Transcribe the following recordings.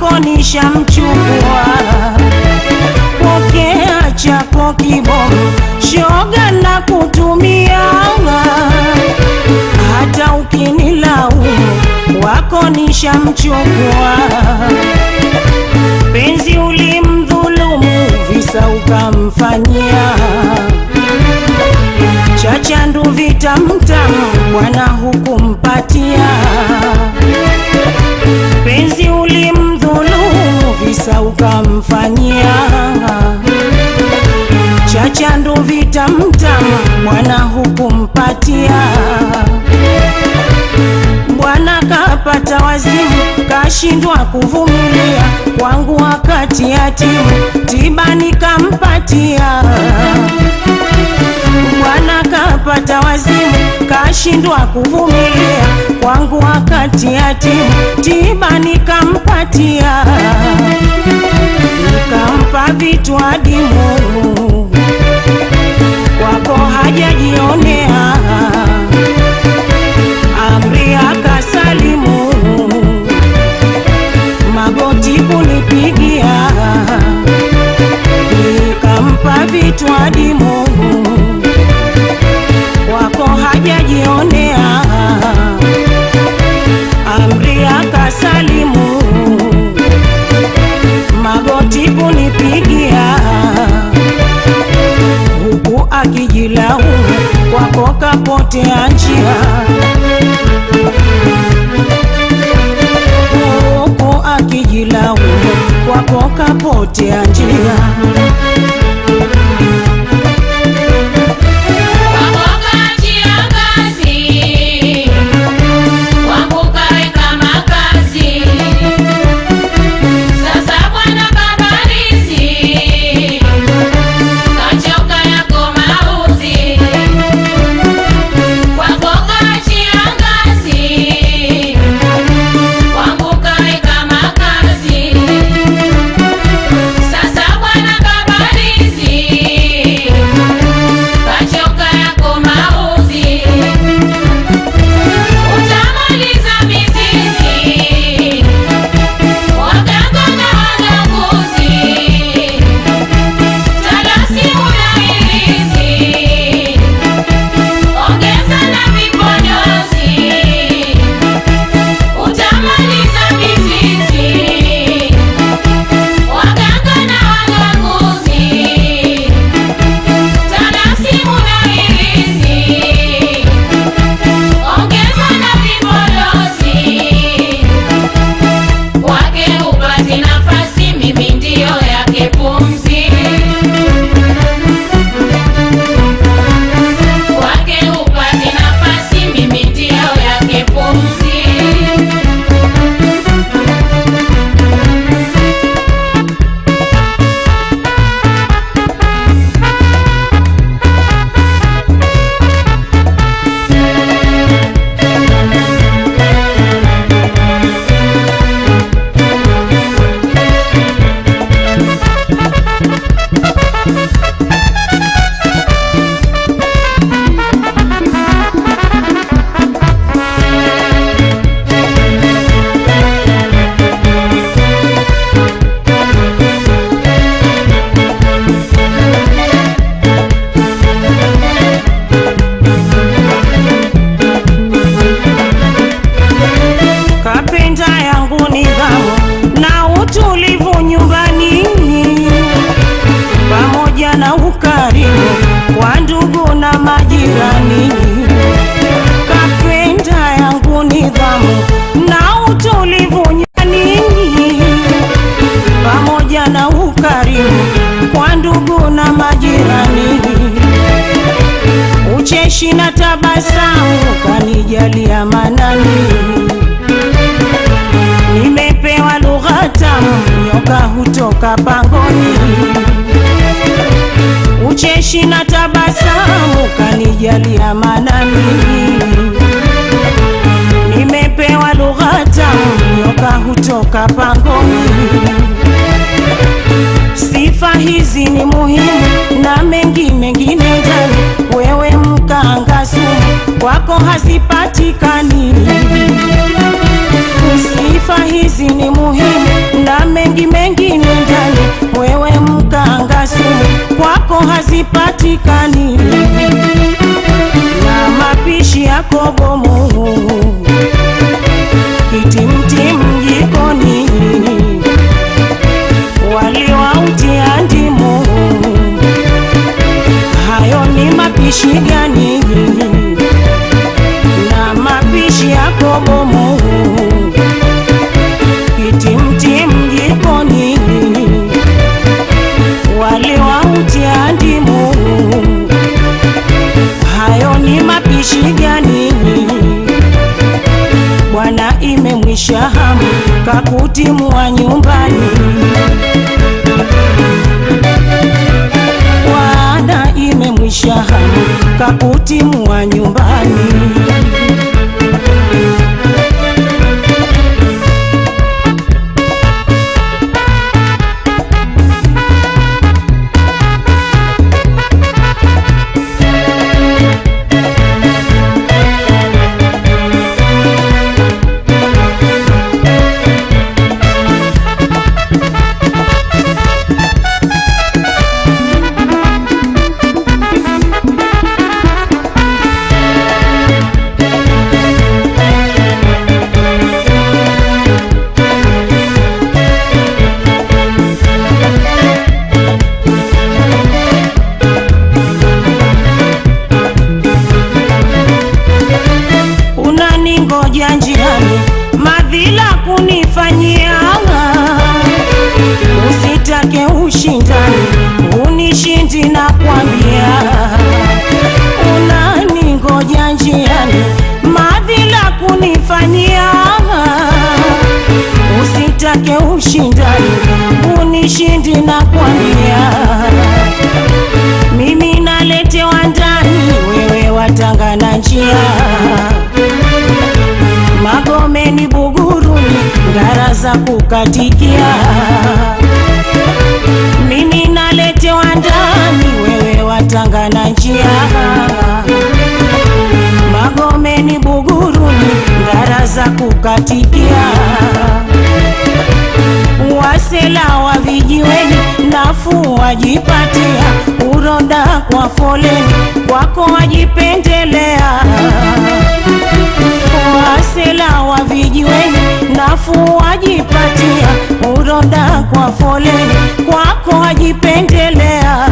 wako mchukua, pokea chako kibomu, shoga na kutumia, hata ukinilaumu wako mchukua, penzi ulimdhulumu, visa ukamfanyia chachandu vitamtamu, Bwana hukumpatia penzi ulim pesa ukamfanyia chacha ndo vita mtama mwana hukumpatia bwana kapata wazimu kashindwa kuvumilia kwangu wakati ya timu tiba nikampatia kapata wazimu, kashindwa kuvumilia, kwangu wakati ya timu tiba nikampatia, nikampa vitu adimu, wako hajajionea, amri akasalimu, magoti kunipigia, nikampa vitu adimu wako kapotea njia kuishi na tabasamu, kanijalia Manani. Nimepewa lugha tamu, nyoka hutoka pangoni. Ucheshi na tabasamu, kanijalia Manani. Nimepewa lugha tamu, nyoka hutoka pangoni. Sifa hizi ni muhimu na mengi mengine ndani kwako hazipatikani. Sifa hizi ni muhimu na mengi mengine ndani, wewe mkanga sumu, kwako hazipatikani. mishahamu kakutimua nyumbani wana imemwishahamu kakutimua nyumbani nakwambia, unaningoja njiani, madhi la kunifanyia, usitake ushindani kunishindi, nakwambia mimi naletewa ndani, wewe watanga na njia, Magomeni, Buguruni, ngara za kukatikia wa ndani, wewe na njia Magomeni, Buguruni, ngara za kukatikia wasela wa vijiweni, nafu wajipatia uroda kwa foleni, wako wajipendelea masela wa vijiweni, nafuu wajipatia, uronda kwa fole kwako wajipendelea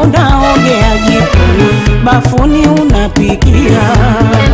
unaoga jikoni, bafuni unapikia